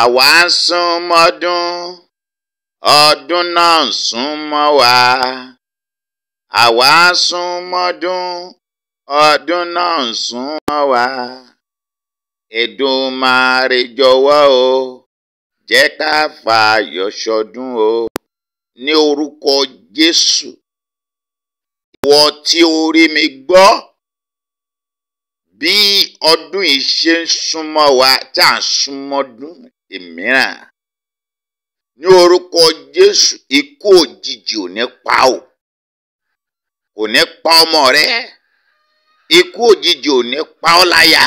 àwa ń sún mọ́dún ọdún náà ń sún mọ́ wa àwa ń sún mọ́dún ọdún náà ń sún mọ́ wa Èdùmàrè jọ̀wọ́ o jẹ́ ká fààyò ṣọdún o ní orúkọ Jésù ìwọ tí o rí mi gbọ́ bí ọdún yìí ṣe ń súnmọ́ wa tá à ń súnmọ́dún ìmíràn ní orúkọ Jésù ikú òjijì ò ní pa ò kò ní pa ọmọ rẹ ikú òjijì ò ní pa ọ́ láyà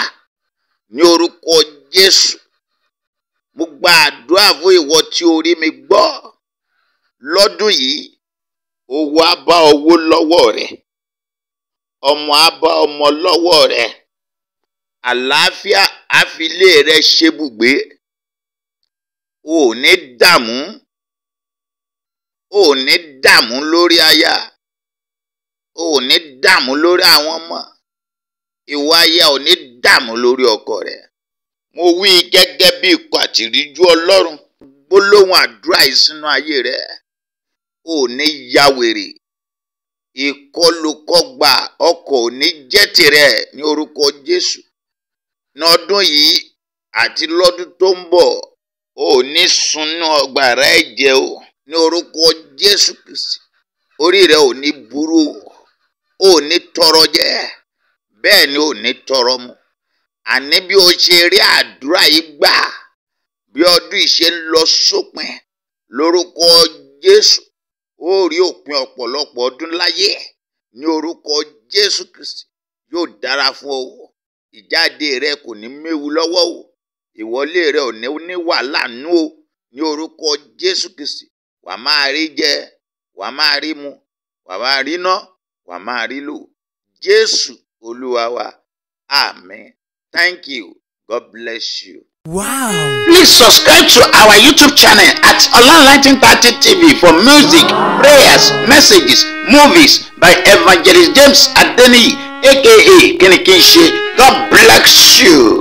ní orúkọ Jésù mo gba àdúrà fún ìwọ tí orí mi gbọ́ lọ́dún yìí owó á bá owó lọ́wọ́ rẹ ọmọ á ọmọ lọ́wọ́ rẹ àlàáfíà á fi ilé rẹ o ò ní dààmú o ò ní dààmú lórí aya o ò ní dààmú lórí àwọn ọmọ ìwọ aya ò ní dààmú lórí ọkọ rẹ mo wí gẹ́gẹ́ bí ikọ̀ àtìríjú ọlọ́run gbólóhùn àdúrà yìí sínú ayé rẹ o ò ní ya wèrè ìkọlùkọgbà ọkọ̀ ò ní jẹ́ tìrẹ ní orúkọ Jésù ní ọdún yìí àti lọ́dún tó ń bọ̀ ò ní sunú ọgbà rẹ jẹ o ní orúkọ Jésù Kristi orí rẹ ò ní burú o ò ní tọrọ jẹ bẹ́ẹ̀ ni ò ní tọrọ mu àní bí o ṣe rí àdúrà yìí gbà bí ọdún yìí ṣe ń lọ sópin lórúkọ Jésù ó rí òpin ọ̀pọ̀lọpọ̀ ọdún láyé ní orúkọ Jésù Kristi yóò dára fún ọ ìjáde rẹ kò ní méwu lọ́wọ́ o ìwọlé rẹ ò ní ní wàhálà nú o ní orúkọ Jésù Kristi wà máa rí jẹ wà máa rí mu wà máa rí ná wà máa rí lò Jésù Olúwa wa amen thank you God bless you. Wow. Please subscribe to our YouTube channel at Olanitan 30 TV for music, prayers, messages, movies by Evangelist James Adeniyi aka Kinikinse. God bless you.